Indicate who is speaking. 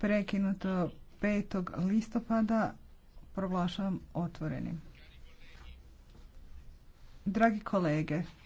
Speaker 1: prekinuto 5. listopada proglašavam otvorenim. Dragi kolege,